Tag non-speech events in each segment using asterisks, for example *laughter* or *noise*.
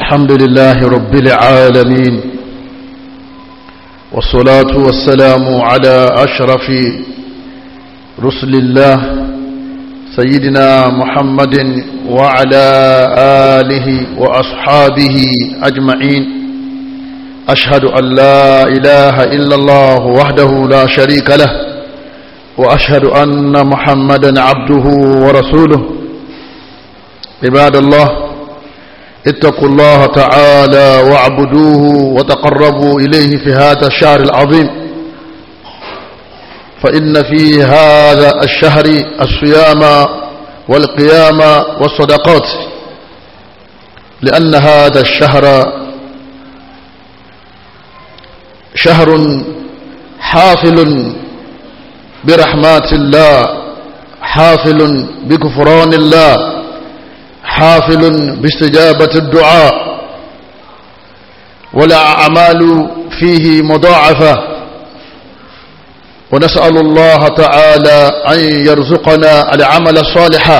الحمد لله رب العالمين والصلاة والسلام على أشرف رسل الله سيدنا محمد وعلى آله وأصحابه أجمعين أشهد أن لا إله إلا الله وحده لا شريك له وأشهد أن محمدا عبده ورسوله عباد الله اتقوا الله تعالى واعبدوه وتقربوا إليه في هذا الشهر العظيم فإن في هذا الشهر الصيام والقيام والصدقات لأن هذا الشهر شهر حافل برحمات الله حافل بكفران الله حافل باستجابة الدعاء ولا أعمال فيه مضاعفة ونسأل الله تعالى أن يرزقنا العمل الصالح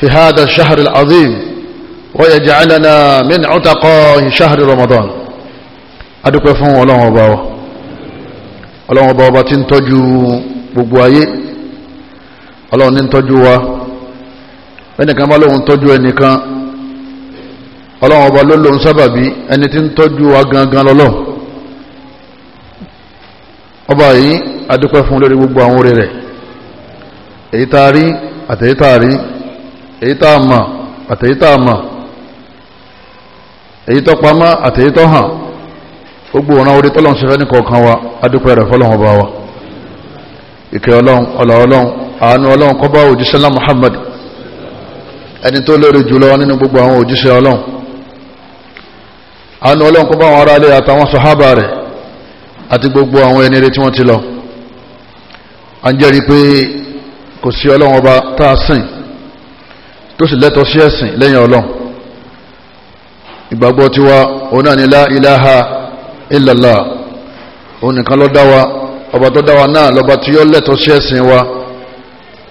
في هذا الشهر العظيم ويجعلنا من عتقاء شهر رمضان أدوك فهم ọlọ́run ọba wa ọlọ́run ọba ببوايي tí ń ẹnìkan bá lóun tọ́jú ẹnìkan ọlọ́run ọba ló lóun sábàbí ẹni tí ń tọ́jú wa gangan lọ́lọ́ ọba yìí adúpẹ́ fún lórí gbogbo àwọn orí rẹ̀ èyí tá a rí àtẹ̀yí tá a rí èyí tá a mọ̀ àtẹ̀yí tá a mọ̀ èyí tó pamọ́ àtẹ̀yí tó hàn gbogbo ọ̀nà orí wa adúpẹ́ rẹ̀ ọba wa ìkẹ́ ọlọ́run Muhammad ẹni tó lórí jùlọ nínú gbogbo àwọn òjíṣẹ́ ọlọ́run àánú ọlọ́run kó bá wọn ará ilé àtàwọn sàhábà rẹ̀ àti gbogbo àwọn ẹni rẹ̀ tí wọ́n ti lọ a ń jẹ́rìí pé kò sí ọlọ́run ọba tá a sìn tó sì lẹ́tọ̀ọ́ sí ẹ̀sìn lẹ́yìn ọlọ́run ìgbàgbọ́ tiwa òun náà ni lá ilaha illallah wa ọba tó dá wa náà lọ́ba tí yó lẹ́tọ̀ọ́ sí ẹ̀sìn wa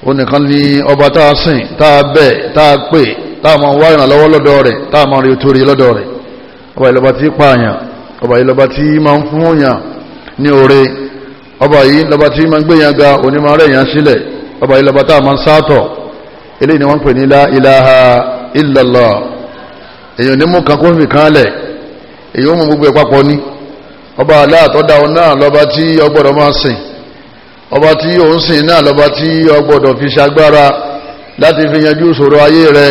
ó ni ọba tá a sìn tá a bẹ̀ tá a pè tá a máa wá ìrànlọ́wọ́ lọ́dọ̀ rẹ̀ tá a máa rí torí lọ́dọ̀ rẹ̀ ọba yìí lọ́ba tí ń pààyàn ọba yìí tí máa ń fún yàn ní ọba yìí ga rẹ̀ yàn sílẹ̀ ọba yìí tá a máa ń sáàtọ̀ eléyìí ni wọ́n ń pè ní ilaha èyàn kan kó fi kan lẹ̀ èyàn gbogbo ẹ̀ papọ̀ ọba aláàtọ̀ dáwọn ọba tí ò ń sìn náà lọ́ba tí o gbọ́dọ̀ fi ṣagbára láti fi yanjú ìṣòro ayé rẹ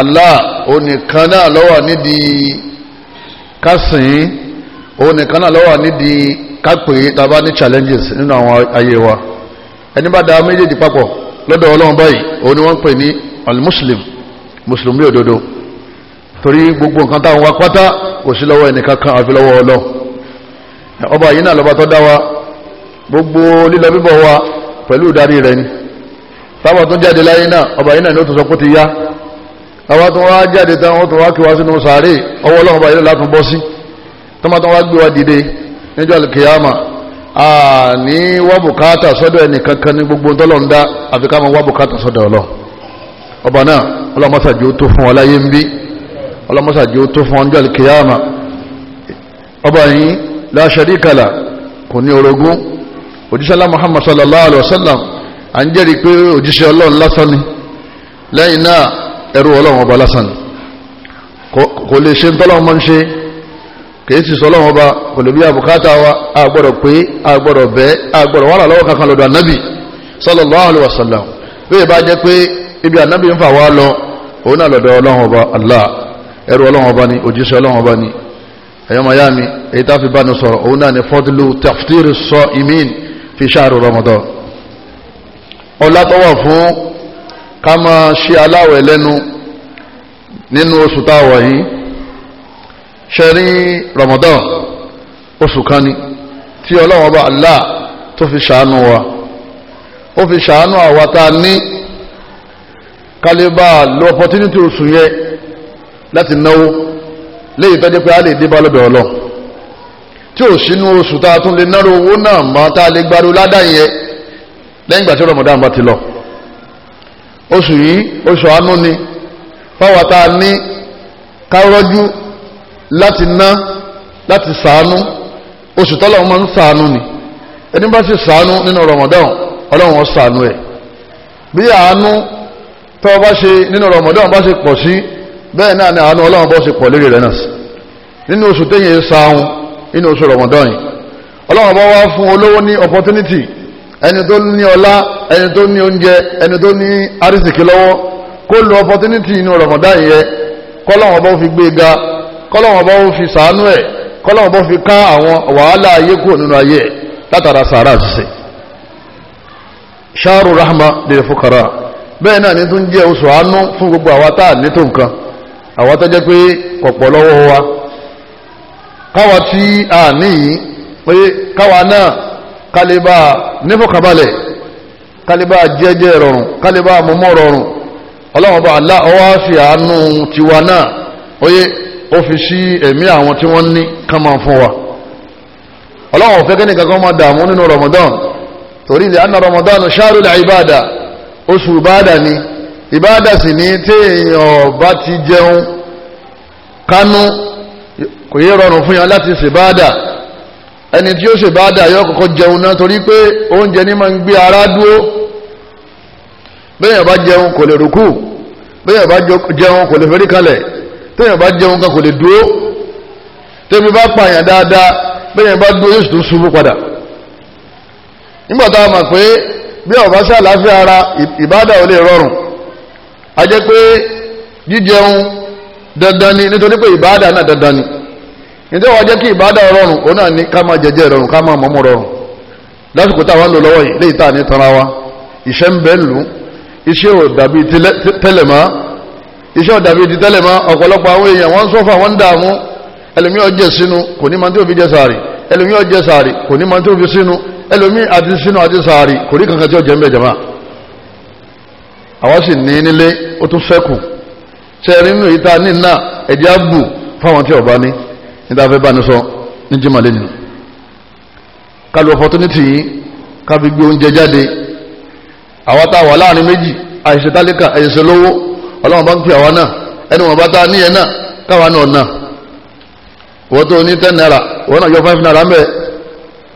Allah onìkan náà ló wà nídìí kásìn onìkan náà ló wà nídìí kápẹ́ tàbá ní challenges nínú àwọn ayé wa ẹni bá da méjèèjì papọ̀ lọ́dọ̀ ọlọ́run báyìí òun ni wọ́n pè ní al-muslim mùsùlùmí òdodo torí gbogbo nǹkan táwọn wa pátá kò sí lọ́wọ́ ẹnìkan kan àfi lọ́wọ́ ọlọ́run ọba yìí náà lọ́ba tó dá wa gbogbo lílọ bíbọ̀ wa pẹ̀lú ìdarí rẹ̀ ni táwọn tó jáde láyé náà ọba yìí náà ni ó tún sọ pé ti yá àwọn tó wá jáde tán wọ́n tó wá kí wá sínú sàárè ọwọ́ ọlọ́run ọba yìí látún bọ́ sí tọ́mọ́ tó wá gbé wa dìde níjọ́ alkiyama a ní wá bùkátà sọ́dọ̀ ẹnì kankan ní gbogbo tọ́lọ́run dá àfi ká máa wá bùkátà sọ́dọ̀ ọlọ́ ọba náà ọlọ́mọ́sàjì ó tó fún ọ láyé ń bí ọlọ́mọ́sàjì ó tó fún ọ níjọ́ ọba yìí la sharika la kò ní orogún òjíṣẹ́ Allah Muhammad sallallahu alayhi wa sallam à ń jẹ́rìí pé òjíṣẹ́ ọlọ́run lásán ni lẹ́yìn náà ẹrú ọlọ́run ọba lásán ni kò lè ṣe ntọ́lọ́run máa ń ṣe kìí sì sọ ọlọ́run ọba kò lè bí àbùkátà wa a gbọ́dọ̀ pé a gbọ́dọ̀ bẹ́ a gbọ́dọ̀ wàhálà lọ́wọ́ kankan lọ́dọ̀ ànábì sallallahu alayhi wa sallam bí ìbá jẹ́ pé ibi ànábì ń fà wá lọ òun náà lọ́dọ̀ ọlọ́run ọba Allah ẹrú ọlọ́run ọba ni òjíṣẹ́ ọlọ́run ọba ni ẹ̀yọ́ mayami èyí tá a fi bá ní sọ̀rọ̀ òun náà ni fọ́dúlù taftir sọ ìmíìn fi ṣáàrù Ramadan ọlá tó wà fún ká máa ṣe aláwẹ̀ lẹ́nu nínú oṣù táwà yìí ṣe rí Ramadan oṣù kan ni tí ọlọ́wọ́n bá Allah tó fi ṣàánú wa ó fi ṣàánú àwa tá ní kálíbà lo opportunity oṣù yẹ láti náwó léyìí tó jẹ́ pé a lè dé bá ọlọ́run tí ò sínú oṣù tá a tún lè náró owó náà mọ́ tá a lè gbáró ládàá yẹn lẹ́yìn ìgbà tí Ramadan bá ti lọ oṣù yìí oṣù àánú ni fáwọn tá a ní kárọ́jú láti ná láti sàánú oṣù tọ́lọ̀ máa ń sàánú ni ẹni bá sì sàánú nínú Ramadan ọlọ́run wọn sàánú ẹ̀ bí àánú tọ́ bá ṣe nínú Ramadan bá ṣe pọ̀ sí bẹ́ẹ̀ náà ni àánú ọlọ́run bá ṣe pọ̀ lérí rẹ̀ náà sí nínú oṣù téyẹ̀ sáhun inu oṣù Ramadan yìí ọlọ́run bá olowo fún olówó ní opportunity ẹni tó ní ọlá ẹni tó ní oúnjẹ ẹni tó ní arísìkí lọ́wọ́ kó lo opportunity inú Ramadan yẹ kọ́lọ́run bá fi gbé ga kọ́lọ́run bá fi sàánú ẹ̀ kọ́lọ́run fi ká àwọn wàhálà ayé kúrò nínú ayé ẹ̀ látara sàárà ṣiṣẹ́ ṣáàrù rahma lè fukara bẹ́ẹ̀ náà ní jẹ́ oṣù káwa tí a níyìí pé káwa náà kálíbà nífọ̀kàbalẹ̀ kálíbà jẹ́jẹ́ rọrùn kálíbà mọ́mọ́ rọrùn ọlọ́run bá Allah ọwọ́ fi àánú tiwa náà oyè ó fi sí ẹ̀mí àwọn tí wọ́n ní ká máa fún wa ọlọ́run fẹ́ kẹ́nìkan kan máa dààmú nínú Ramadan torí ilẹ̀ anna Ramadan ṣáàrù lè ìbáàdà oṣù ìbáàdà ni ìbáàdà sì ní tí èèyàn bá ti jẹun kánú kò yé rọrùn fún yàn láti ṣèbáàdà ẹni tí ó ṣèbáàdà yóò kọ́kọ́ jẹun náà torí pé oúnjẹ ní máa ń gbé ara dúró bẹ́ẹ̀ bá jẹun kò lè rúkú bẹ́ẹ̀ bá jẹun kò lè fẹ́rí kalẹ̀ tẹ́yìn bá jẹun kan kò lè dúró tẹ́bi bá pààyàn dáadáa bẹ́ẹ̀ bá dúró yóò tún ṣubú padà nígbà tá a mọ̀ pé bí ọ̀bá sí àlàáfíà ara ìbáàdà ò lè rọrùn a jẹ́ pé jíjẹun dandan ni nítorí pé ìbáàdà náà dandan ni nítorí wàá jẹ́ kí ìbáàdà rọrùn òun náà ní ká máa jẹjẹ rọrùn ká máa mọ́mú rọrùn lásìkò táwa ń lò lọ́wọ́ yìí léyìí tá ní tanra wa iṣẹ́ ń bẹ́ lù iṣẹ́ ò dàbí tẹ́lẹ̀ mọ́ iṣẹ́ ò dàbí ti tẹ́lẹ̀ mọ́ ọ̀pọ̀lọpọ̀ àwọn èèyàn wọ́n ń sọ́fà wọ́n ń dààmú ẹlòmíì ọjẹ́ sínú kò ní máa tó fi jẹ sàárì ṣe nínú ìta na ẹ̀jẹ̀ àbù fáwọn tí ọba ní níta fẹ́ bá ní sọ ní jimale nínú kálù opportunity yìí ká gbé oúnjẹ jáde àwa láàrin méjì àìṣe tálíkà àìṣe lówó ọlọ́wọ́n bá ń àwa náà ẹni wọn bá tá a naira wọ́n naira mẹ́ẹ̀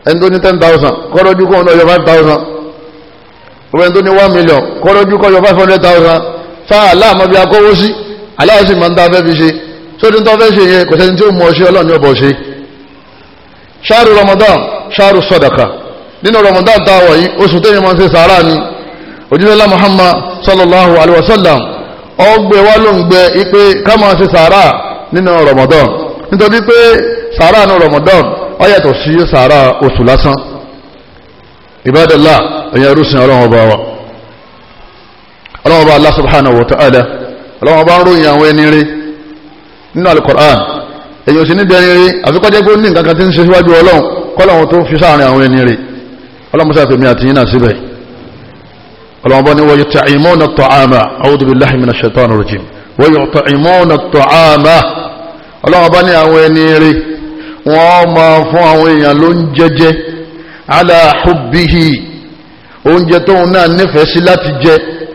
ẹni tó ní ten thousand kọ́rọ́jú kọ́ náà aláwọ̀ sì máa ń dá fẹ́ fi ṣe sódì tó fẹ́ ṣe yẹn kò sẹ́ni tí ó mú ọ ṣe ọlọ́ọ̀ni ọ̀bọ̀ ṣe ṣáàrù Ramadan ṣáàrù sọ̀dàkà nínú Ramadan tá a wọ̀ yìí oṣù tẹ́yìn máa ń ṣe sàárà ni òjìlélá Muhammad sallallahu alayhi wa sallam ọgbẹ́ wa ló ń gbẹ ipe ká máa ṣe sàárà nínú Ramadan nítorí pé sàárà nínú Ramadan ó yàtọ̀ sí sàárà oṣù lásán ibadallah ẹ̀yẹ rúṣin ọlọ́run ọba wa ọlọ́run ọba Allah ọlọ́wọ́n bá ń ròyìn àwọn ẹni rí nínú alukoran èyí ò sí níbi ẹni rí àfikọ́jẹ́ pé ó ní nǹkan kan tí ń ṣe síwájú ọlọ́run kọ́lọ́run tó fi sáàrin àwọn ẹni rí ọlọ́run sáà tèmi àti yín náà síbẹ̀ ọlọ́run bá ní wọ́n yóò tẹ ìmọ̀ náà tọ́ àmà a'udhu billahi minash náà tọ́ àmà ọlọ́run bá wọ́n máa fún àwọn èèyàn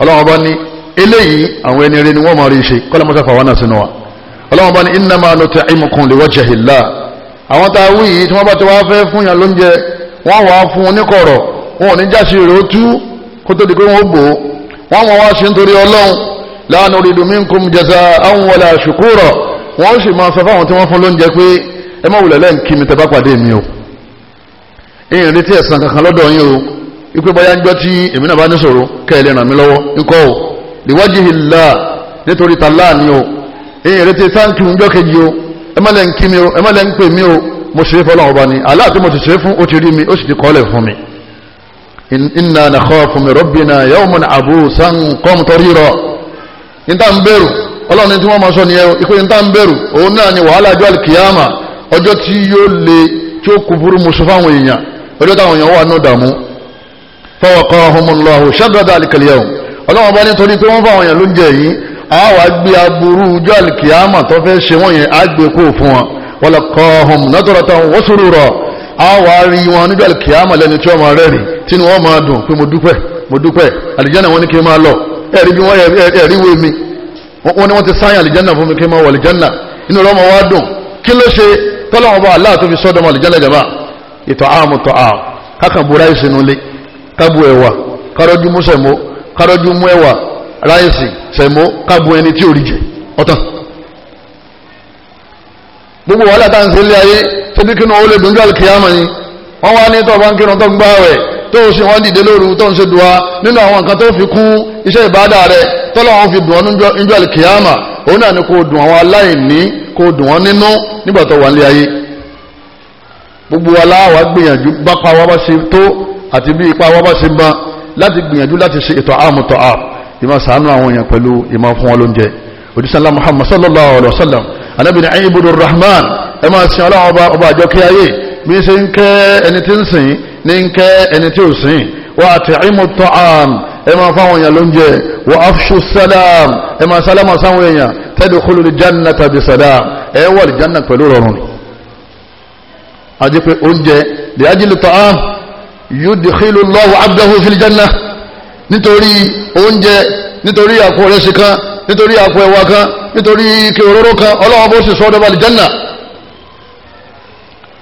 ọlọ́wọ́n bá ní eléyìí àwọn ẹni rẹ ni wọ́n máa rí ṣe kọ́lá mọ́sáfà wà náà sínú wa ọlọ́wọ́n bá ní innama nut'imukum liwajhi llah àwọn tá a wí yìí tí wọ́n bá ti wá fẹ́ fún yàn lóúnjẹ wọ́n wàá fún oníkọ̀rọ̀ wọn ò ní jáṣe rẹ̀ ó kó tó di pé wọ́n bò ó wọ́n wọ́n wá ṣe nítorí ọlọ́run la nuridu minkum jaza'an wala shukura wọ́n sì máa sọ fáwọn tí wọ́n fún lóúnjẹ ipe bóyá ń gbọ́ tí èmi náà bá ní sọ̀rọ̀ kẹ́ ẹ lè ràn mí lọ́wọ́ nkọ́ o níwájú ìlà nítorí tàlá ni o èyí retí táǹkì ń jọ́ kejì o ẹ má ń kí mi o ẹ ń pè mí o mo ṣe é fọlọ́wọ́ bá ní àlá àti mo ti ṣe fún ó ti rí mi ó sì ti kọ́lẹ̀ fún mi. inna na min rabbina yawman abusan qamtarira níta ń bẹ̀rù ọlọ́run ní tí wọ́n máa sọ nìyẹn ìpè níta ń bẹ̀rù òun náà ni wàhálà ọjọ́ àlùkìyàmà ọjọ́ tí yóò le tí ó kúburú musu fáwọn èèyàn fawaqahumullahu sharra dhalikal yawm ọlọ́wọ́n bá nítorí tí wọ́n fà wọ́n yẹn ló ń jẹ yìí a wàá gbé aburú ọjọ́ àlìkìyàmà tó fẹ́ ṣe wọ́n yẹn á kó fún wọn walaqahum nadratan wa surura a wàá rí wọn níjọ́ àlìkìyàmà lẹ́ni tí wọ́n máa rẹ́rìn tí wọ́n máa dùn pé mo dúpẹ́ mo dúpẹ́ àlìjáná wọn ni kí kábù ẹ̀wà kárọ́jú sẹ̀mó kárọ́jú ẹ̀wà ráìsì sẹ̀mó kábù ẹni tí ò rí jẹ ọ̀tàn gbogbo wàhálà tá ń ṣe ilé ayé ṣébí kí ni owó lè dùn jọ ni wọ́n wá ní tọ́ba ń kírun o ṣe wọ́n dìde lóru tó ń ṣe dùá nínú àwọn nǹkan tó fi kún iṣẹ́ ìbáadà rẹ̀ tọ́lọ́ àwọn fi dùn ọ́ níjọ́ òun náà ni kò dùn àwọn aláìní kò dùn nínú nígbà tó wà ayé gbogbo àti bí ipa wa bá ṣe bá láti gbìyànjú láti ṣe ètò àmú tọ́ àp ìmọ̀ sànú àwọn èèyàn pẹ̀lú ìmọ̀ fún wọn lóúnjẹ òdìsánlá muhammad sallallahu alayhi wa sallam anábìnrin ẹ̀yìn ibùdó rahman ẹ máa sin ọlọ́run ọba ọba àjọ kí ayé bí ṣe ń kẹ́ ẹni tí ń sìn ní ń kẹ́ sáwọn èèyàn tẹ́lẹ̀ kúlù ní jánà tàbí sálàm ẹ wà ní pẹ̀lú rọrùn. àjẹpẹ́ oúnjẹ lè ájílẹ̀ tọ́ àm yudkhilu Allahu abdahu fil janna nítorí oúnjẹ nítorí àpò ẹ̀rẹ́sì kan nítorí àpò ẹ̀wà kan nítorí ike òróró kan ọlọ́wọ́ bó sì sọ ọ́dọ́ balẹ̀ janna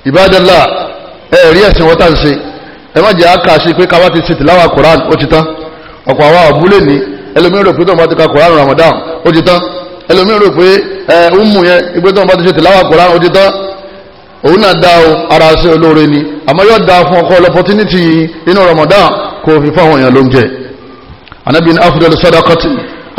ibadallah ẹ̀rí ẹ̀sìn wọ́n tà ń ṣe ẹ má jẹ́ àkà sí pé káwá ti ṣe tìláwà Quran ó ti tán ọ̀pọ̀ àwọn àbúlé ní ẹlòmíràn rò pé tó ń bá ti ka Quran Ramadan ó ti tán ẹlòmíràn rò pé ẹ̀ ń mú yẹn ìgbé tó ń bá ti ṣe tìláwà Quran ó ti tán òun náà dá o ara ṣe olóore ni àmọ́ yóò dá fún ọkọ lọ́pọ̀tínítì inú Ramadan kò fi fáwọn èèyàn ló ń jẹ anabi ní afudal sadakati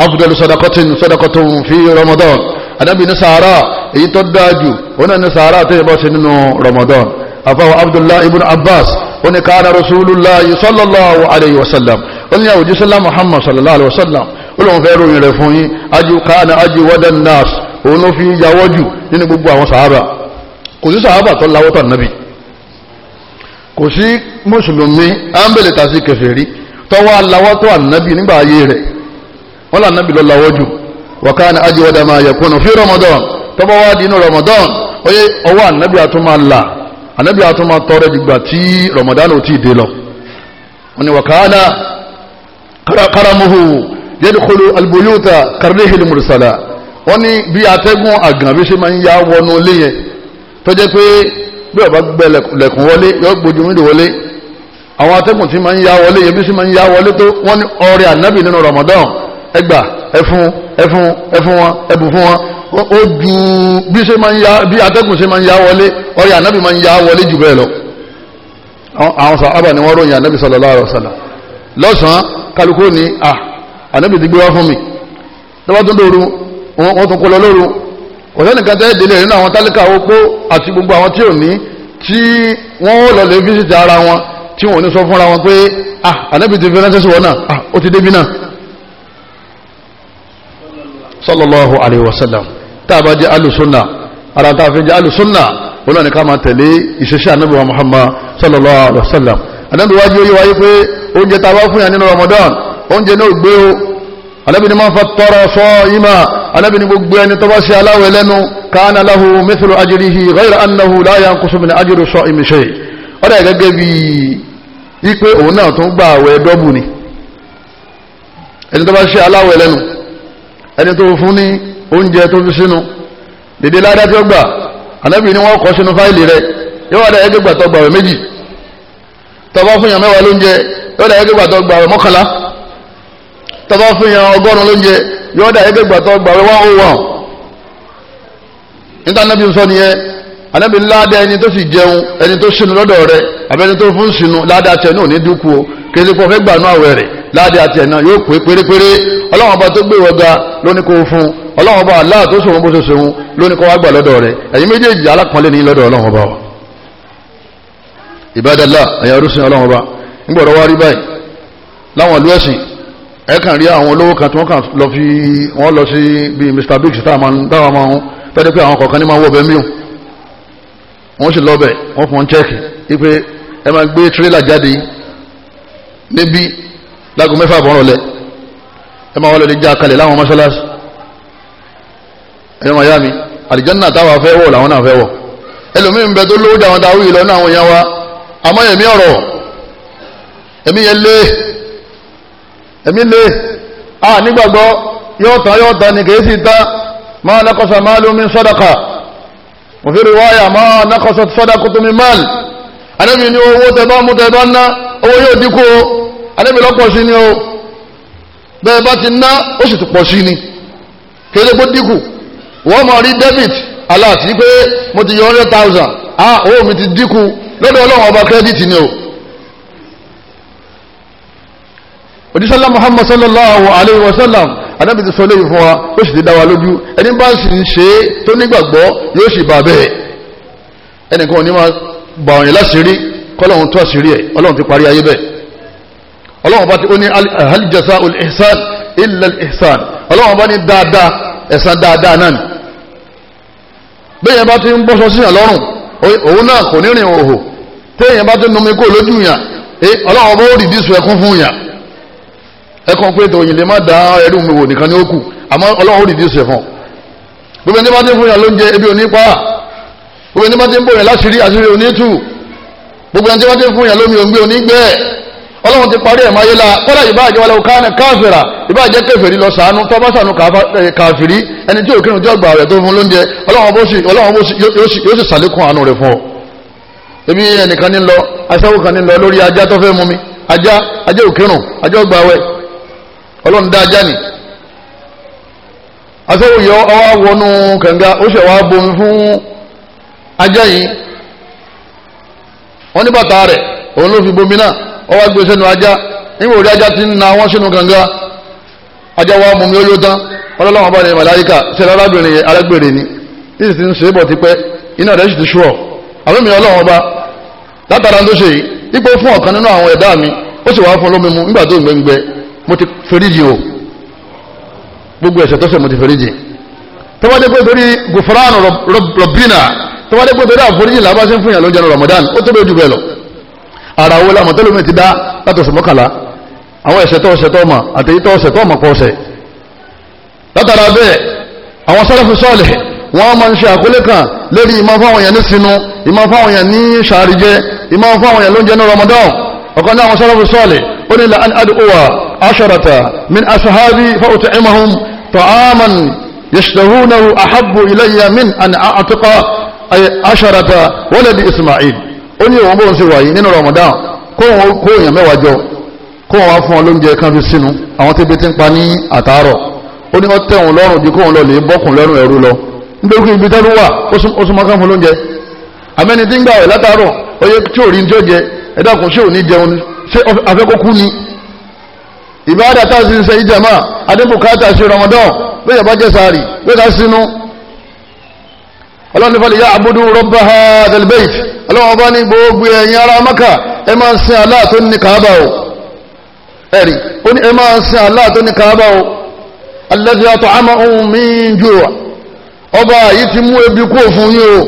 afudal sadakati sadakati fi Ramadan anabi ní sahara èyí tó dáa jù òun náà ní sahara tó yẹ bá ṣe nínú Ramadan afaw abdullahi ibn abbas ó ní kára rasulullah sallallahu alayhi wa sallam ó ní àwùjọ sallam muhammad sallallahu alayhi wa sallam ó fẹ́ ròyìn rẹ̀ fún yín ajú kára ajú wadan nas òun ló fi yàwọ́ jù nínú gbogbo àwọn sahaba kò sí sàhábà tó láwọ́tọ̀ nàbì kò sí mùsùlùmí ámbèlè tàṣí kèfèrí tọ́wọ́ aláwọ́tọ̀ ànábì nígbà ayé rẹ̀ wọ́n là nàbì lọ láwọ́ jù wàkánà ajẹ́wọ́dà máa yẹ̀kúnnù fi ramadan tọ́bọ̀ wá dínú ramadan Oye ọwọ́ ànábì àtúmọ̀ là ànábì àtúmọ̀ tọrẹ dìgbà tí ramadan ò tí ì dé lọ wọ́n ni wàkánà karamuhu yẹ́dìkọlù albuyuta karnihil mursala wọ́n ni bí atẹ́gùn àgàn bí ṣe máa ń yá wọnú ilé tó jẹ́ pé bí ọba gbẹ lẹ̀kùn wọlé yọ gbójú wíńdò wọlé àwọn atẹ́kùn tí máa ń yá wọlé yẹn bí sì ń yá wọlé tó wọ́n ní ọrẹ ànábì nínú Ramadan ẹgbà ẹfun ẹfun ẹfun wọn ẹbùn fún wọn ó ju bí ṣe máa ń yá bí atẹ́kùn ṣe máa ń yá wọlé ọrẹ ànábì máa ń yá wọlé jù bẹ́ẹ̀ lọ àwọn sàábà ni wọ́n ròyìn ànábì sallallahu alaihi wasallam lọ́sàn-án kálukú ni à ah, ànábì ti gbé wá fún mi lọ́wọ́ òṣèlú nìkan tẹ́ délé nínú àwọn tálíkà opó àti gbogbo àwọn tí ò ní tí wọ́n ó lọ lè fíṣítì ara wọn tí wọ́n ò ní sọ fúnra wọn pé ah ànábì ti fi ránṣẹ́ sí wọn náà ah ó ti débi náà sallallahu alayhi wa sallam tá a bá jẹ́ alùsùnà ara tá a fi jẹ́ alùsùnà òun náà ni ká máa tẹ̀lé ìṣesí ànábì wa muhammad sallallahu alayhi wa sallam ànábì wájú oyé wáyé pé oúnjẹ tá a bá fún yàn nínú ramadan oúnjẹ náà gbé o ànábì ni máa ń fa tọrọ sọ yìí máa anábì ní gbogbo ẹni tó bá ṣe aláwẹ̀ lẹ́nu káánà lahu mithlu ajrihi ghayra annahu la yanqusu min ajri sa'imi shay' ọ̀dà gẹ́gẹ́ bí ipe òun náà tún gba àwẹ̀ dọ́bù ni ẹni tó bá aláwẹ̀ lẹ́nu ẹni tó fún ní oúnjẹ tó fi sínú dèdè ládá tí ó gbà anábì ní wọ́n kọ́ sínú fáìlì rẹ̀ yóò wá ẹgbẹ́gbà tó gbàwẹ̀ méjì tó fún yàn lóúnjẹ yóò dá ẹgbẹ́gbà tó gbàwẹ̀ mọ́kànlá tọ́ba fún yàn ọgọ́rùn-ún lóúnjẹ yóò dà ẹgbẹ́ gbàtọ́ gbàwé wá ó wà níta anábì sọ nìyẹn anábì ládàá ẹni tó sì jẹun ẹni tó sinu lọ́dọ̀ rẹ àbẹ́ni tó fún sinu ládàá tiẹ̀ náà ní dúkú o kéde kó fẹ́ gbà nú àwẹ̀ rẹ̀ ládàá tiẹ̀ náà yóò pé pérépéré ọlọ́run ọba tó gbé ìwọ̀ga lóní fún ọlọ́run ọba aláà tó sòun bó wá gbà lọ́dọ̀ rẹ̀ ẹ̀yin méjèèjì ní lọ́dọ̀ wa ìbádàlá ẹ̀yà orísun ọlọ́run ọba wá rí báyìí láwọn ẹ kàn rí àwọn olówó kan tí wọ́n kàn lọ fi wọ́n lọ sí bíi Mr Biggs táwọn máa ń tẹ́lẹ̀ pé àwọn kọ̀ọ̀kan ní máa wọ̀ bẹ́ẹ̀ mí o wọ́n sì lọ bẹ̀ wọ́n fọ́n chẹ́ẹ̀kì wípé ẹ máa gbé tírélà jáde níbí láago mẹ́fà àbọ̀ ọ̀rọ̀lẹ́ ẹ máa wọ́n lọ lè já kalẹ̀ láwọn mọ́ṣáláṣí ẹ̀yọ́ màyá mi àlìjánná táwa fẹ́ wọ̀ làwọn náà fẹ́ wọ̀ ẹlòmíín bẹ tó lówó dáwọn dáwọ́ yìí lọ́nà àwọn èèyàn wa àmọ́ ẹ̀mí lè a nígbàgbọ́ yóò tán yóò tán ní kìí tán máa nákọ́sà máa lómi sọ́dọ̀kà òfin riwaya máa nákọ́sà sọ́dọ̀kù tó mi máàl anábì ní owó tẹbá mú tẹbá ná owó yóò dínkù o anábì lọ́pọ̀ sí ni o bẹ́ẹ̀ bá ti ná ó sì tún pọ̀ sí ni kéde kó dínkù wọ́n máa rí debit aláàtí pé mo ti yọ hundred thousand ah owó mi ti dínkù lọ́dọ̀ ọlọ́run ọba ni o. òdísọ́lá muhammad sallallahu alayhi wa sallam anábì ti sọ léyìn fún wa ó sì ti dá wa lójú ẹni bá sì ń ṣe é tó nígbàgbọ́ yóò sì bà bẹ́ẹ̀ ẹnìkan òní máa bà ọ̀yìn láṣìírí kọ́lọ́hún tó àṣírí ẹ̀ ọlọ́run ti parí ayé bẹ́ẹ̀ ọlọ́run bá ti ó ní hal jazaa'ul ihsan illa al ihsan ọlọ́run bá ní dáadáa ẹ̀san dáadáa náà ni bẹ́ẹ̀ yẹn bá ti ń bọ́sọ síyàn lọ́rùn òun náà kò ní rìn òhò téèyàn bá ti numu lójú yàn eh, ọlọ́run bá ó rìdíṣu ẹkún fún yàn ẹkùn pé tòyìn lè má da ẹrú mi wò nìkan ní ó kù àmọ́ ọlọ́run ó dìde ṣe fún un gbogbo ẹni bá ti fún yàn lóúnjẹ ebi òní pa gbogbo ẹni bá ti ń bòyàn láṣìírí àṣírí òní tù gbogbo ẹni bá ti fún yàn lómi òǹgbẹ òní gbẹ ọlọ́run ti parí ẹ̀mọ́ ayé la kọ́lá ìbáàjẹ́ wàlẹ́ òkánà káfìrà ìbáàjẹ́ kẹfìrí lọ sànú tọ́ba sànú káfìrí ẹni tí òkèrè tí ọgbà rẹ̀ tó fún lóúnjẹ ọlọ́run bó sì ọlọ́run bó sì yóò sì sàlékún àánú rẹ̀ fún ọ. ebi ẹnìkan ní lọ aṣáwó kan ní lọ lórí ajá tó fẹ́ mú mi ajá ajá òkèrè ajá ọgbà wẹ̀ ọlọ́run dá ajá ni asọ́wòyọ ọwọ́ wọnú kànga ó ṣe wàá bomi fún ajá yìí wọ́n ní bàtà rẹ̀ òun ló fi bomi náà ọwọ́ gbé sẹ́nu ajá nígbà orí ajá ti ń na wọ́n sínú kànga ajá wa mọ̀mí ó yó tán ọlọ́run ọba ní màláríkà ṣẹlẹ̀ arábìnrin yẹn ni tí ń ṣe é bọ̀ tipẹ́ iná rẹ̀ sì ti ọlọ́run ọba látara tó ṣe yìí fún ọ̀kan nínú àwọn ẹ̀dá mi ó sì wá fún olómi mu nígbà tó mo ti foríjì o gbogbo ẹ̀ṣẹ̀ tó ṣẹ̀ mo ti foríjì tọ́wádé pé torí gùfúránù rọ̀bìnà tọ́wádé pé torí àforíjì làbáṣẹ́ fún ìyàlójẹ́ Ramadan ó tó bẹ́ẹ̀ jù bẹ́ẹ̀ lọ ara wo lamọ̀ tẹ́lómi ti dá láti oṣù mọ́kànlá àwọn ẹ̀ṣẹ̀ tó ṣẹ̀ tọ́ọ̀mà àtẹ̀yí tó ṣẹ̀ tọ́ọ̀mà pọ̀ ṣẹ̀ látara bẹ́ẹ̀ àwọn Ramadan ọ̀kan ní àwọn sàlàfù la an adúwà عشرة من أصحابي فأطعمهم طعاما يشتهونه أحب إلي من أن أعتق عشرة ولد إسماعيل ó ní òun bóun ṣe wà yìí nínú Ramadan kó èèyàn mẹ́wàá jọ kó wọn fún ọ lóúnjẹ kan fi sínú àwọn tẹ́bi ti ń pa ní àtàárọ̀ ó ní wọ́n tẹ̀ wọn lọ́rùn ju kó ó fún lóúnjẹ tí ń gbà yẹ tí ò rí jẹ ṣé ò ní jẹun ṣé ni ìbáàdà tá a sì ń ṣe ìjàmá adébùkátà ṣe ramadan bẹ́ẹ̀ bá jẹ́ sáré bẹ́ẹ̀ ká sínú ọlọ́run nípa ìyá abudu rọ́bà hadal bayt ọlọ́run bá ní gbogbo ẹ̀yin ará maka ẹ máa ń sin Allah tó ní kaaba o ẹ̀rí ó ní ẹ máa ń sin Allah tó ní kaaba o alladhi at'amahum min ju' ọba yìí ti mú ebi kú òfun yìí o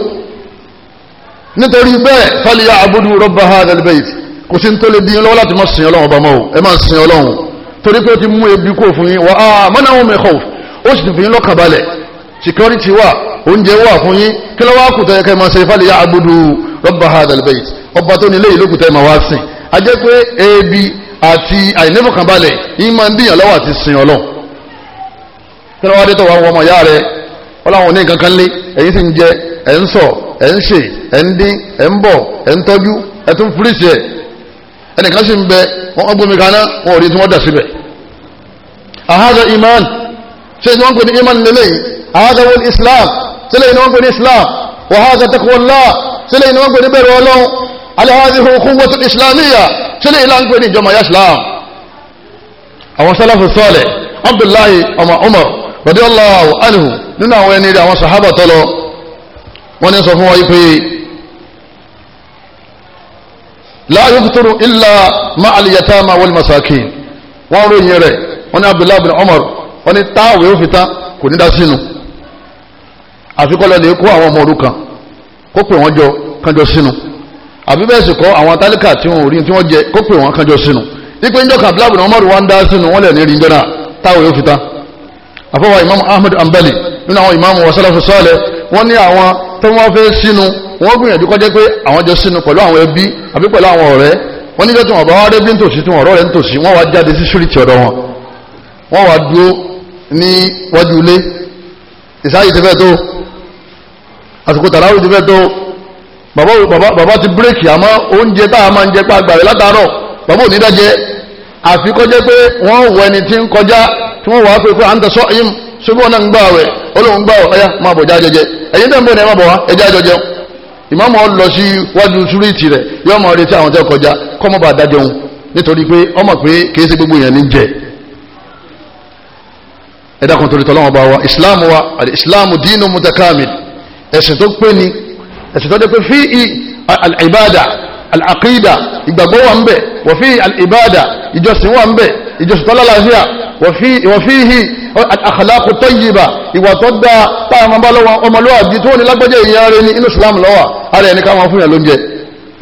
nítorí bẹ́ẹ̀ fal ya'budu rabb hadha al-bayt kò sí nítorí bí ọlọ́wọ́ láti máa sin ọlọ́run ọba mọ́ o ẹ máa sin ọlọ́run torí pé ó ti mú ebi kò fún yín wà á mọ́nà àwọn mẹ́kọ̀ ó sì fi yín lọ́kàn balẹ̀ security wà oúnjẹ wà fún yín kí ló wá kùtà ẹ̀ka ìmọ̀ sẹ́yìn fàlẹ̀ abudu rọ́bà hadal bayt ọba tó nílé yìí ló kùtà ìmọ̀ wá sìn a jẹ́ pé ebi àti àìnífọ̀kànbalẹ̀ yín máa ń dìyàn lọ́wọ́ àti sìn ọlọ́ kí ló wá dé tó wà wọ́n ọmọ ìyá rẹ ọláwọn ní nǹkan lé ẹ̀yin sì ń jẹ ẹ̀ ń sọ ẹ̀ ń ṣe ẹ̀ ń dín ẹ̀ ń bọ̀ ẹ̀ ń tọ́jú ẹ̀ tún fúrísì ẹnìkan sì ń bẹ wọ́n gbómi kaná wọn ò rí tí wọ́n dà síbẹ̀ àhádà iman ṣe ni wọ́n pè ní iman lélẹ́yìn àhádà wọ́n islam sílẹ̀ ni wọ́n pè ní islam wàhádà takwọ́lá sílẹ̀ ni wọ́n pè ní bẹ̀rù ọlọ́run alihadi hukun wọ́tún islamiyya sílẹ̀ ilá ń pè ní ìjọba islam àwọn sálàfù sọ́ọ̀lẹ̀ abdullahi ọmọ umar radiyallahu anhu nínú àwọn ẹni rẹ̀ àwọn sahaba tọ́lọ wọ́n ní sọ fún wa yí pé láàyè fitiri ilà má àlìyàtà má wọlé masakin wọn ròyìn rẹ wọn ní abdullahi bin umar wọn ní táwọn yóò fi tán kò ní dá sínú àfikọ́lẹ̀ lè kó àwọn ọmọ òrukàn kó pè wọ́n jọ kánjọ sínú àbí bẹ́ẹ̀ sì kọ́ àwọn tálíkà tí wọ́n rí tí wọ́n jẹ kó pè wọ́n kánjọ sínú ipe ń jọkàn abdullahi bin umar wa dá sínú wọn lẹ̀ ní rí jọ́nà táwọn yóò fi tán àfọwọ́ imam ahmed ambali nínú àwọn imam wa sọ́ọ̀lẹ̀ wọ́n ní àwọn tó wọ́n fẹ́ sínú wọ́n gbìyànjú kọjá pé àwọn jọ sínú pẹ̀lú àwọn ẹbí àbí pẹ̀lú àwọn ọ̀rẹ́ wọ́n níjọ́ tí wọ́n bá wá rẹ́bí nítòsí tí wọ́n ọ̀rọ̀ rẹ̀ nítòsí wọ́n wá jáde sí ṣúrìtì ọ̀dọ̀ wọn wọ́n wá dúró ní wájú ilé ìsáyì ti fẹ́ tó àsìkò tàláwù ti fẹ́ tó bàbá ti bírèkì àmọ́ oúnjẹ tá a máa ń jẹ pa àgbàrẹ̀ látàárọ̀ bàbá ò ní dájẹ́ àfi kọjá pé wọ́n wọ ẹni tí ń kọjá tí wọ́n wàá pé pé à ń tẹ̀sọ́ ẹ̀yìn ṣubú ọ̀nà ń gbà wẹ̀ olóhùn gbà wẹ̀ ẹ̀yà máa bọ̀ jájẹjẹ ẹ̀yìn tẹ̀ ń bọ̀ ní ẹ̀ máa bọ̀ wá ẹ̀jẹ̀ àjọjẹun ìmáàmù ọ lọ sí wájú súrìtì rẹ̀ yóò máa retí àwọn tẹ́ kọjá kọ́ mọ́ bá dájọ́ òun nítorí pé ọmọ pé kìí ṣe gbogbo èèyàn ní jẹ ẹ dákun torí tọ́lọ́wọ́n bá wa islam wa àti islam dínú mutakamil ẹ̀sìn tó pé ni ẹ̀sìn tó dé pé fi al-ibada al-aqida ìgbàgbọ́ wa ń bẹ̀ wọ́n fi al-ibada ìjọsìn wa ń bẹ̀ ìjọsìn tọ́lá làásìá wọ́n fi hi àkàlàkù tọ́yìbà ìwà tó dá táwọn ọmọlúwàbí tó ní lágbọ́jẹ́ ìyá rẹ ní inú islam lọ́wà ara ẹni káwọn fún yàn lóúnjẹ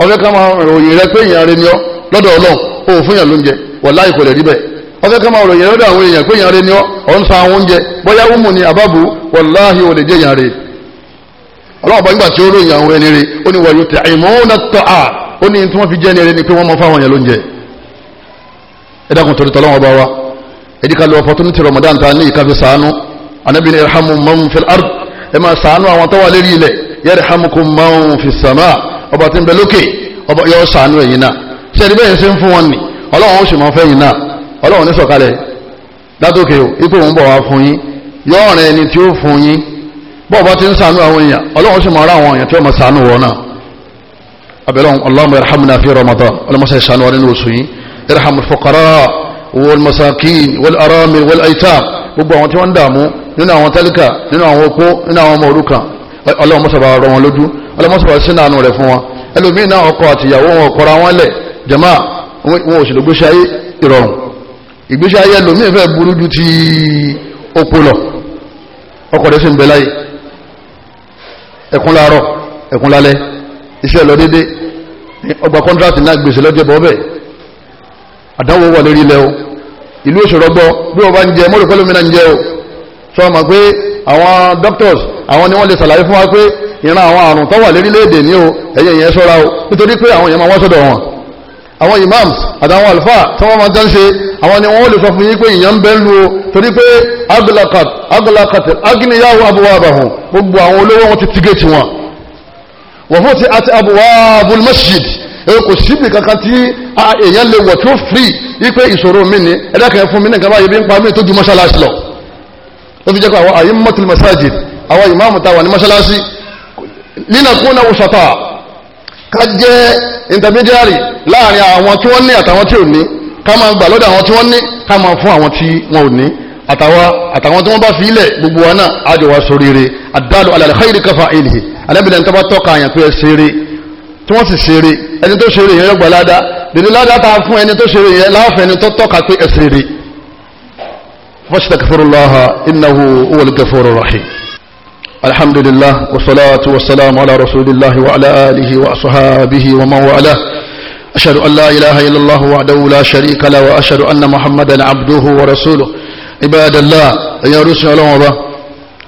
ọfẹ́ káwọn ròyìn rẹ pé ìyá rẹ ní ọ lọ́dọ̀ ọlọ́run ó fún yàn lóúnjẹ wallahi kò lè rí bẹ́ẹ̀ ọfẹ́ káwọn ròyìn lọ́dọ̀ àwọn èèyàn pé ìyá rẹ ní ọ ọ̀ ń sa àwọn oúnjẹ ni ni pé wọ́n mọ fáwọn yàn lóúnjẹ ẹ̀dí ká lo opportunity Ramadan ta ní ìkàfi sànú anabi ni irhamu man fil ard ẹ máa sànú àwọn tó wà lérí ilẹ̀ yarhamukum man fis sama ọba tí ń bẹ lókè ọba yọ sànú ẹ̀yin náà ṣe ẹ̀dí bẹ́ẹ̀ ṣe ń fún wọn ni ọlọ́run ó sì máa fẹ́ yín náà ọlọ́run ní sọ̀kalẹ̀ látòkè o ipò òun bọ̀ wá fún yín yọ ọ̀rẹ́ ẹni tí ó fún yín bọ́ ọba tí ń sànú àwọn èèyàn ọlọ́run sì máa rá àwọn èèyàn tí wọ́n máa sànú wọn náà abẹ́lẹ́ Allahumma irhamna fi Ramadan ọlọ́mọṣẹ́ sànú wọn nínú oṣù yín irhamul fuqara والمساكين والأرامل والأيتام gbogbo àwọn tí wọ́n ń dààmú nínú àwọn tálíkà nínú àwọn opó nínú àwọn ọmọ òrukàn ọlọ́run mọ́sàbà rọ wọn lójú ọlọ́run mọ́sàbà sínú àánú rẹ̀ fún wọn ẹlòmíín náà ọkọ àtìyàwó wọn kọra wọn lẹ̀ jama wọn ò sì lògbésí ayé ìrọ̀rùn ìgbésí ayé ẹlòmíín fẹ́ àdánwò wà lérí ilẹ̀ o ìlú òṣèrọ́gbọ́ bí wọ́n bá ń jẹ mọ́rùkọ́ lómìnà ń jẹ o sọ ma pé àwọn doctors àwọn ni wọ́n lè ṣàlàyé fún wa pé ìran àwọn àrùn tó wà lérílẹ̀-èdè ní o ẹ̀yẹ yẹn ṣọ́ra o nítorí pé àwọn èèyàn máa wá sọ́dọ̀ wọn àwọn imams àtàwọn alfáà tí wọ́n máa dán ṣe àwọn ni wọ́n lè sọ fún yín pé ìyàn ń bẹ́ lu o torí pé aglakat aglakat agniyahu abwabahum gbogbo àwọn olówó wọn ti tigé tiwọn wọ́n fún ti àti abwabul masjid èyí kò síbi kankan tí èèyàn lè wọ̀ tí ó firi wípé ìṣòro mi ni ẹ̀dẹ́kẹ̀ẹ́ fún mi ní nǹkan báyìí bí ń pa mí tó ju mọ́ṣáláṣí lọ ó fi jẹ́ pé àwọn àyímọ́tìlì mọ́ṣáàjì àwọn intermediary láàrin àwọn tí wọ́n ní àtàwọn tí ò ní ká máa gbà lọ́dọ̀ àwọn tí wọ́n ní ká máa fún àwọn tí wọn ò ní àtàwọn àtàwọn tí wọ́n bá fi ilẹ̀ gbogbo wa náà á jọ wá sóríire àdálù alàlẹ́ xeyìrì kafa ìlì alẹ́bìnrin tó bá tọ́ka àyàn pé ẹ ṣeré tí wọ́n sì ṣeré ẹni tó ṣeré yẹn gbọ́ ládàá dèdè ládàá tá a fún ẹni tó ṣeré yẹn láàfin ẹni tó tọ́ka pé ẹ ṣeré fastaghfirullaha innahu huwal ghafurur rahim alhamdulillah wasalaatu wasalaamu ala rasulillahi wa ala alihi wa ashabihi wa man wala ashhadu an la ilaha illallah wahdahu la sharika la wa ashhadu anna muhammadan abduhu wa rasuluhu ibadallah ẹ̀yin orísun ọlọ́wọ́n ọba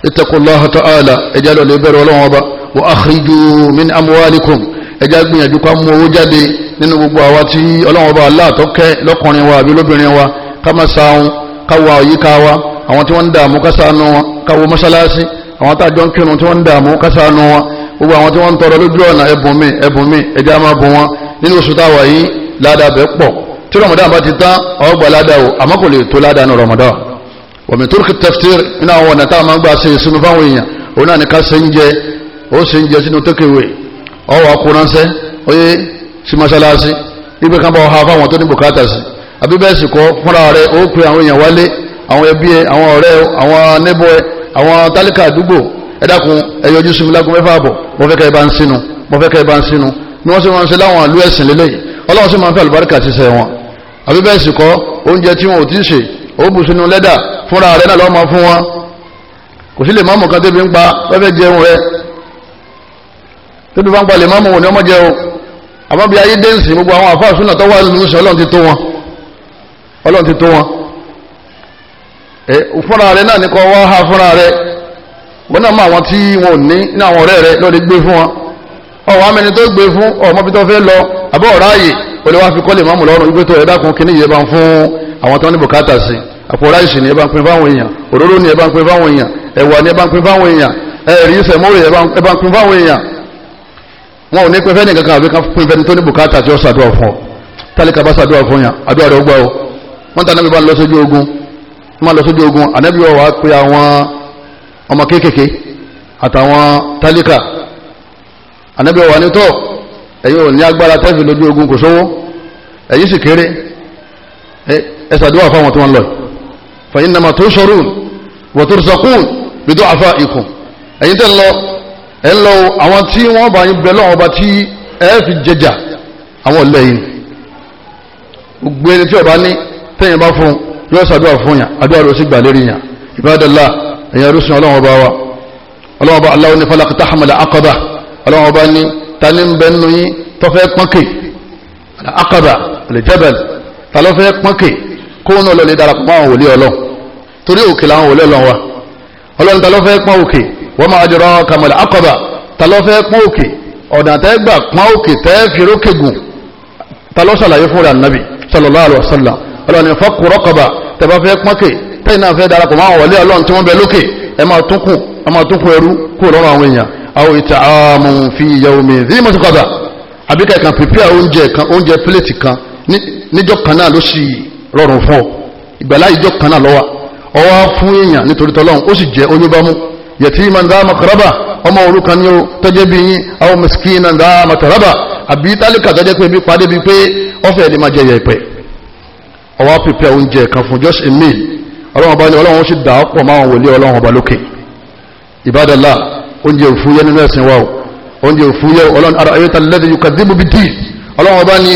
ittaqullaha ta'ala ẹ̀jẹ̀ lọ́lẹ̀ bẹ̀rẹ̀ ọlọ́wọ́n ọba wa akhrijuu min amwalikum ẹja gbìyànjú ká mú owó jáde nínú gbogbo àwa tí ọlọ́run ọba aláàtọ́kẹ́ lọ́kùnrin wa àbí lóbìnrin wa ká má sàún ká wà òyíká wa àwọn tí wọ́n ń dààmú ká ṣàánú wọn ká wo mọ́ṣáláṣí àwọn tájọ ń kírun tí wọ́n ń dààmú ká ṣàánú wọn gbogbo àwọn tí wọ́n ń tọrọ lójú ọ̀nà ẹ̀bùn mi ẹ̀bùn mi ẹja máa bùn wọn nínú oṣù táwa yìí ládàá bẹ́ pọ̀ tí ramadan bá ti tán àwọn gbà ládàá o àmọ́ kò lè tó ládàá ní ramadan wọ̀mí turki tafsir nínú àwọn ọ̀nà táwọn máa ń gbà ṣe ìsinmi fáwọn èèyàn òun náà ní ká ṣe ń jẹ ó ṣe ń jẹ sínú tókèwé ọwọ́ akóránsẹ́ oyè sí mọ́ṣáláṣí ibi kan bá ọha fáwọn tó ní bùkátà sí àbí bẹ́ẹ̀ sì kọ́ fúnra rẹ̀ ó pe àwọn èèyàn wálé àwọn ẹbí ẹ àwọn ọ̀rẹ́ ẹ àwọn níbọ̀ ẹ àwọn tálíkà àdúgbò ẹ dákun ẹ yọjú sí mi lágùn mẹ́fà àbọ̀ mo fẹ́ kẹ́ ẹ ń sínú mo fẹ́ kẹ́ ń sínú ni wọ́n sì máa ń ṣe láwọn ìlú ẹ̀sìn lélẹ́yìí ọlọ́run sì máa ń fẹ́ tóbi bá ń palẹ̀ mọ́mọ́ wò ní ọmọ jẹ́ o àmọ́ bí ayé dẹ́nsì gbogbo àwọn àfáà súnà tó wà nínú sọ ọlọ́run ti tó wọn ọlọ́run ti tó wọn ẹ fúnra rẹ náà ní kọ́ wá ha fúnra rẹ wọn náà mọ àwọn tí wọn ò ní ní àwọn ọ̀rẹ́ rẹ lọ́ọ́ gbé fún wọn amẹni tó gbé fún ọmọ bí tó fẹ́ lọ àbọ̀ ààyè wá fi kọ́lé mọ́mù lọ́rùn tó ẹ̀ dákun kí wọn ò ní pẹ́ fẹ́ni kankan àbí kan fún fẹ́ni tó ní bùkátà tí ó ṣàdúrà fún ọ tálíkà bá ṣàdúrà fún yàn àdúrà rẹ̀ ó gbà ó wọ́n tà nábì bá lọ sójú ogun wọ́n lọ sójú ogun ànábì wọ́n wá pé àwọn ọmọ kéékèèké àtàwọn tálíkà ànábì wọ́n wá ní tọ́ ẹ̀yin ò ní agbára tẹ́fì lójú ogun kò sówó ẹ̀yin sì kéré ẹ ṣàdúrà fáwọn tí wọ́n lọ fa innama tusharun wa turzaqun bi du'afaikum ẹ̀yin tẹ́ ń lọ ẹ ń lọ àwọn tí wọ́n bá yín bẹ lọ́wọ́ ọba tí ẹ fi jẹjà àwọn ọ̀lẹ́ yìí gbogbo ẹni tí ọba ní tẹ́yìn bá fún yóò ṣàdúrà fún yàn àdúrà rẹ̀ ó sì gbà lérí yàn ìbádọ́lá ẹ̀yà rúṣin ọlọ́wọ́ bá wa ọlọ́wọ́ bá aláwọ̀ ní falakata hamala akọba ọlọ́wọ́ bá ní ta ní bẹ nínú yín tó fẹ́ pọ́nkè akọba alìjẹ́bẹ̀lì ta kóun náà lọ lè darapọ̀ mọ́ àwọn wòlíì ọlọ́ torí òkè làwọn wòlíì ọlọ́ wa ọlọ́ni ta ló òkè wọ́n máa dìrọ̀ kàmọ̀lẹ̀ akọ̀bà ta ló fẹ́ pọ́n òkè ọ̀nà tẹ́ gbà pọ́n òkè tẹ́ gùn ta fún rẹ̀ ànábì sallallahu alaihi wasallam ọlọ́ni fọ́kù rọ́kọ̀bà tẹ́ bá fẹ́ pọ́nkè tẹ́yìn náà fẹ́ darapọ̀ máa wọlé ọlọ́run tí wọ́n bẹ lókè ẹ máa tún kù ẹ máa tún kù ẹrú kú lọ́rùn àwọn èèyàn àwọn ìta àmọ̀ fi yawmi dhi masqaba àbíkẹ́ kan pèpìà oúnjẹ kan oúnjẹ pílẹ̀tì yatiman za makaraba ọmọ òrukàn ni ó tọ́jẹ́ bí yín àwọn miskinan za makaraba àbí tálíkà tọ́jẹ́ pé bí padé bí pé ọ̀fẹ́ lè máa jẹ yẹ̀pẹ̀ ọwọ́ pípẹ́ oúnjẹ kan fún just a meal ọlọ́run ọba ni ọlọ́run ó sì dà á pọ̀ wa o oúnjẹ òfúyẹ́ ọlọ́run ara ayé tàbí lẹ́dẹ̀ yóò kàdébù bí dì ọlọ́run ọba ni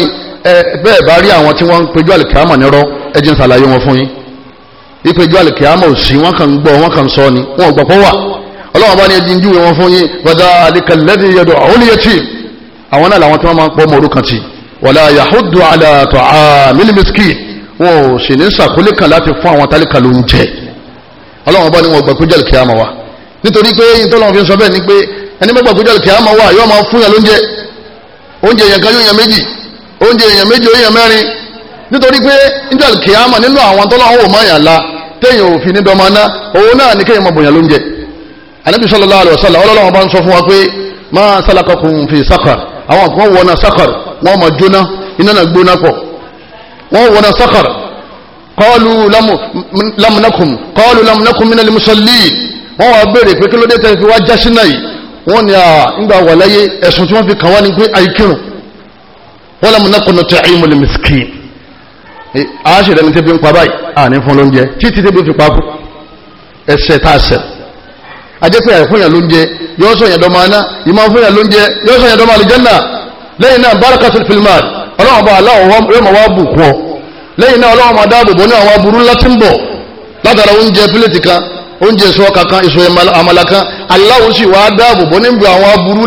bẹ́ẹ̀ bá rí àwọn tí ipe ìjọ alìkìyàmọ̀ òsì wọn kàn ń gbọ́ wọn kàn sọ ni wọn ò gbàpọ̀ wà ọlọ́wọ́n bá ní ẹjì ń júwe wọn fún yín gbọdọ̀ àdìkàlẹ́dì yẹdọ̀ ọ̀húnìyẹtì àwọn náà làwọn tí wọ́n máa ń pọ́ ọmọ orúkàn tì wọ̀lá yahudu alatọ̀ àmìlímísíkì wọn ò sì ní sàkólé kan láti fún àwọn tálíkà wa nítorí pé yín tọ́lọ́wọ́n fi sọ bẹ́ẹ̀ ni wa yóò máa fún yàn lóúnjẹ oúnjẹ èèyàn kan nítorí pé níjọ́ kìámà nínú àwọn tọ́lọ́wọ́ mọ̀ yàn la téèyàn ò fi ní dọ́mọ ná òun náà ní kéèyàn mọ̀ bòyàn ló ń jẹ anabi sallallahu alaihi wasallam ọlọ́run ma salakakum fi sakar àwọn kan sakar wọn ma jóná iná náà gbóná pọ̀ wọn wọnà sakar qalu lamunakum qalu lamunakum mina limusalli wọn wà béèrè pé kí ló dé tẹ́ fi wá jásí náà yìí wọn ni ìgbà wà láyé ẹ̀sùn tí wọ́n fi kàn wá ni pé àìkírun wọn lamunakum nut'imu limiskin Eh, a ṣe lẹ́ni tí bí pa báyìí a ní fún lóúnjẹ títí tí bí fi ẹsẹ̀ a ṣẹ̀ ajẹ́pẹ́ àìfúnyàn lóúnjẹ yóò sọ yẹn dọ́mọ aná ìmọ̀ fúnyàn lóúnjẹ yóò sọ yẹn dọ́mọ àlìjẹ́nà lẹ́yìn náà barakatul fil mal ọlọ́wọ́n bá aláwọ̀ yóò sọ kankan kan dáàbò àwọn aburú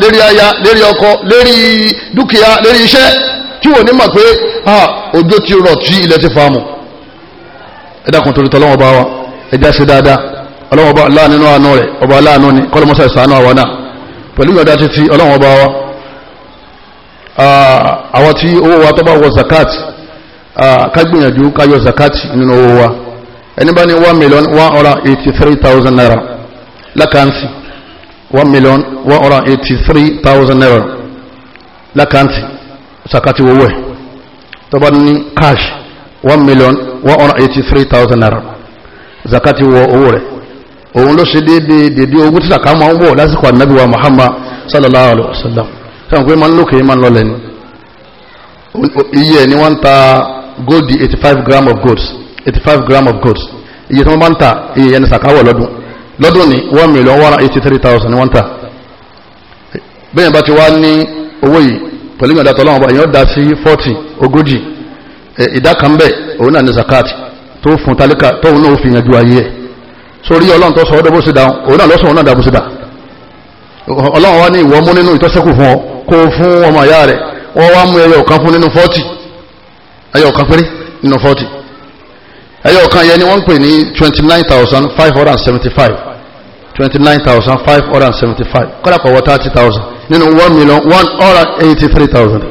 lérí aya lérí ọkọ lérí dúkìá lérí iṣẹ́ tí wọ́n ní mọ̀ pé òjò ti rọ̀ tí ilẹ̀ ti fa mu ẹ dákun torí tọ́lọ́wọ́ bá wa ẹ já ṣe dáadáa ọlọ́wọ́ bá aláà nínú àánú rẹ̀ ọba aláàánú ni kọ́lọ́mọ́sá ìsànú àwa náà pẹ̀lú ìyọ̀dá títí ọlọ́wọ́ bá wa àwọn tí owó wa tó bá wọ zakat ká gbìyànjú zakat nínú owó wa ẹni bá ní one million one hundred eighty three thousand naira lákàntì one million one hundred eighty three thousand naira lákàntì sakati owó ẹ̀ tó ní cash one million one hundred eighty three thousand naira zakati wọ owó rẹ̀ òun ló ṣe déédéé déédéé owó tí sàkà máa ń wọ̀ lásìkò ànábì wa Muhammad sallallahu alaihi wasallam. sallam sáwọn pé máa ń lókè máa ń lọlẹ̀ ni iye ẹ̀ ni wọ́n ń ta gold di eighty five gram of gold eighty five gram of gold iye tí wọ́n bá ń ta iye yẹn ni sàkà wọ̀ lọ́dún lọ́dún ni one million one hundred eighty three thousand ni wọ́n ń ta bẹ́ẹ̀ bá ti wá ní owó yìí pẹ̀lú ìyọ̀dá tọ́lọ́wọ́n bá èèyàn dá sí fọ́tì ogójì ìdá kan bẹ́ẹ̀ òun náà ní zakat tó fún tálíkà tóun náà fi yanjú ayé ẹ̀ sórí ọlọ́run tó sọ ọ́ dọ́bọ̀sí dáhùn òun náà lọ́sọ̀ òun náà dàbọ̀sí dà ọlọ́run wá ní ìwọ mú nínú ìtọ́sẹ́kù fún ọ kó fún ọmọ ìyá rẹ̀ wọ́n wá mú ẹyọ kan fún nínú fọ́tì ẹyọ kan péré nínú fọ́tì ẹyọ kan yẹn ni wọ́n ń pè ní twenty nine thousand five hundred seventy five twenty nine thousand five hundred seventy five kọ́dà pọ̀ wọ thousand nínú one million one hundred eighty three thousand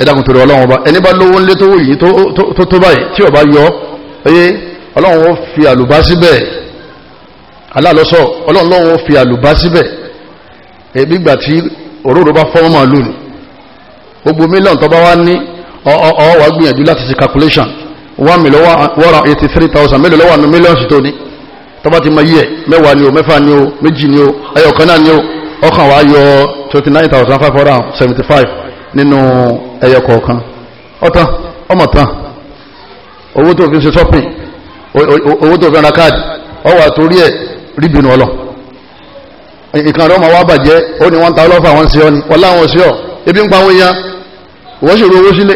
ẹ̀dàkùn torí ọlọ́run ọba ẹni bá lówó ńlẹ́ tó wòye tó tó báyìí tí ọba yọ ẹyẹ ọlọ́run ó fi àlùbá síbẹ̀ aláàlọ́sọ ọlọ́run lọ́run ó fi àlùbá síbẹ̀ ẹbí gbà tí òróró bá fọ́ mọ́ lónìí gbogbo mílíọ̀nù tó bá wá ní ọwọ́ gbìyànjú láti ṣe calculation one million one hundred eighty three thousand mélòó lọ́wọ́ àná mílíọ̀nù tó ní tó ti mọ yí ẹ̀ mẹ́wàá ni o mẹ́fà ni o méjì ni o ẹyọ̀kan náà ni o. ọkàn wa yọ twenty nine thousand five hundred and seventy five nínú ẹyọ kọ̀ọ̀kan ọ̀tàn ọmọ̀tàn owó tó fi ṣe owó tó fi ra káàdì ọwọ́ ẹ̀ ọlọ nǹkan ọmọ wa bàjẹ́ ó ní wọ́n ta ọlọ́fà wọn sí ọ ni wọ́n láwọn sí ọ ebi ń pa àwọn èèyàn wọ́n sì ro owó sílé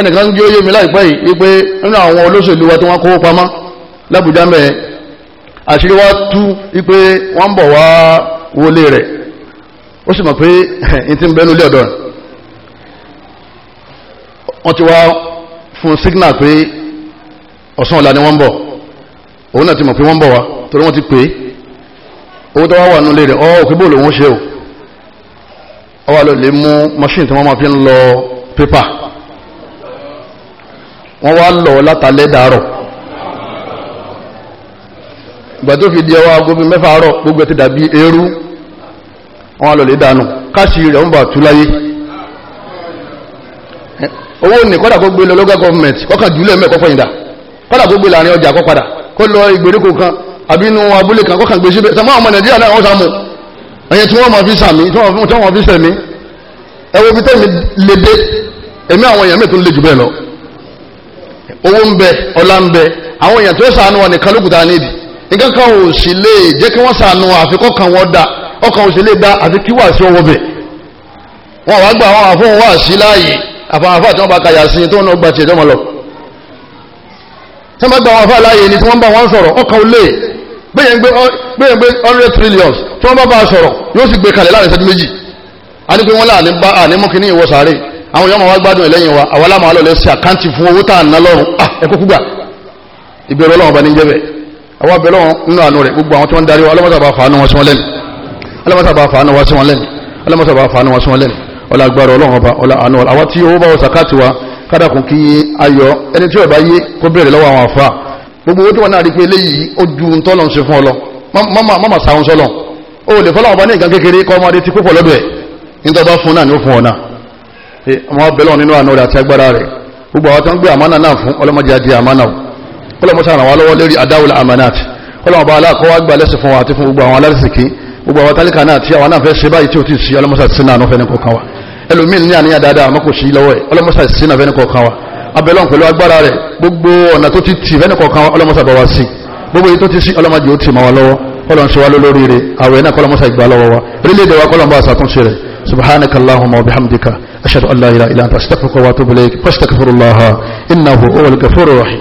ẹnìkan ń gbé oyè mi láìpẹ́ yìí wípé nínú àwọn olóṣèlú wa tí wọ́n kówó pamọ́ lábùjá mẹ́ẹ̀ àṣírí wa tú wípé wọ́n ń bọ̀ wá wọlé ó sì mọ̀ pé *laughs* n ń bẹ́nu lé ọ̀dọ́ rẹ̀ wọ́n ti wá fún signal pé ọ̀sán ọ̀la ni wọ́n ń bọ̀ òun náà ti mọ̀ pé wọ́n ń bọ̀ wá torí wọ́n ti pè é owó tó wá wà nílé rẹ̀ ọ́ òkè bóòlù òun ṣe o ọ wà lóòlè mú machine tí wọ́n máa fi ń lọ pépà wọ́n wá lọ látàlẹ́ dàárọ̀ ìgbà tó fi di ọwọ́ agogo mẹ́fà àárọ̀ gbogbo ẹ̀ ti dàbí eérú wọn lọ lè dànù káṣí rẹ̀ ń bà tú láyé owó ní kọ́dà kó gbé lọ lọ́gá gọ́ọ̀mẹ̀ntì ọkà jùlẹ̀ mẹ́ kọ́kọ́ kọ́dà kó gbé láàrin ọjà kọ́padà kó lọ ìgbèríko kan àbínú abúlé kan kọ́kà gbé síbẹ̀ fi àwọn èèyàn tó wọn nídìí ò lè jẹ́ kí wọ́n àfikọ́ kan wọ́n ọkàn òṣèlè gba àti kí wàásí ọwọ́ bẹ̀ wọn wá gbà wọn àfọwọ́ wàásí láàyè àfààfà tí wọn bá kàyà sí tó ń gba tiẹ̀ dọ́mọ lọ tí wọn bá gba wọn àfà láàyè ni tí wọn bá wọn sọ̀rọ̀ ọkàn olè bẹ́ẹ̀ ń gbé hundred trillions tí wọn bá bá a sọ̀rọ̀ yóò sì gbé kalẹ̀ láàrin ìṣẹ́jú méjì a ní pé wọn láàní bá àní mú kíní ìwọ sàárè àwọn yọmọ wa gbádùn ẹlẹ́yìn wa àwa láwọn alọ́ lẹ́sẹ̀ àkáǹtì fún owó tá à ń ná lọ́rùn àánú rẹ̀ gbogbo àwọn tí wọ́n ń darí wa ọlọ́mọdé àbá fàánù wọn sí wọn lẹ́nu alamasa bá fa anuwa sí wọn lẹ́nu alamasa bá fa anuwa sí wọn lẹ́nu ọlá agbára ọlọ́run ọba ọlá àánú ọlá àwọn tí owó bá wọ sàkáàtì wa kádàkùn kí ayọ̀ ẹni tí ọba yé kó bẹ̀rẹ̀ lọ́wọ́ àwọn àfa gbogbo owó tí ni ó fún ọ náà ọmọ abẹ́lọ́ nínú àná rẹ̀ àti agbára rẹ̀ gbogbo àwọn tó ń gbé àmánà náà fún ọlọ́mọdé adé àmánà o ọlọ́mọdé gbà lẹ́sìn fún àti fún gbogbo àwọn alárìsìkí gbogbo àwọn tálíkà náà tí àwọn náà fẹ́ ṣe báyìí tí o ti ṣe ọlọ́mọṣà sí náà fẹ́ ní kọ̀ọ̀kan wa ẹlòmíín ní àníyàn dáadáa àmọ́ kò sí lọ́wọ́ ẹ̀ ọlọ́mọṣà sí náà fẹ́ ní kọ̀ọ̀kan wa abẹ́lọ́n pẹ̀lú agbára rẹ̀ gbogbo ọ̀nà tó ti tì fẹ́ ní kọ̀ọ̀kan wa ọlọ́mọṣà bá wa sí gbogbo èyí tó ti sí ọlọ́mọdé ó ti mọ̀ wá lọ́wọ́ kọlọ́n ṣe àwẹ̀ náà kọlọ́n ìgbà lọ́wọ́ wa orílẹ̀-èdè wa kọlọ́n bá ṣàtúnṣe rẹ̀ subhanaka allahumma wa bihamdika ashhadu an la ilaha illa anta astaghfiruka wa atubu ilayk fastaghfirullaha innahu huwal ghafurur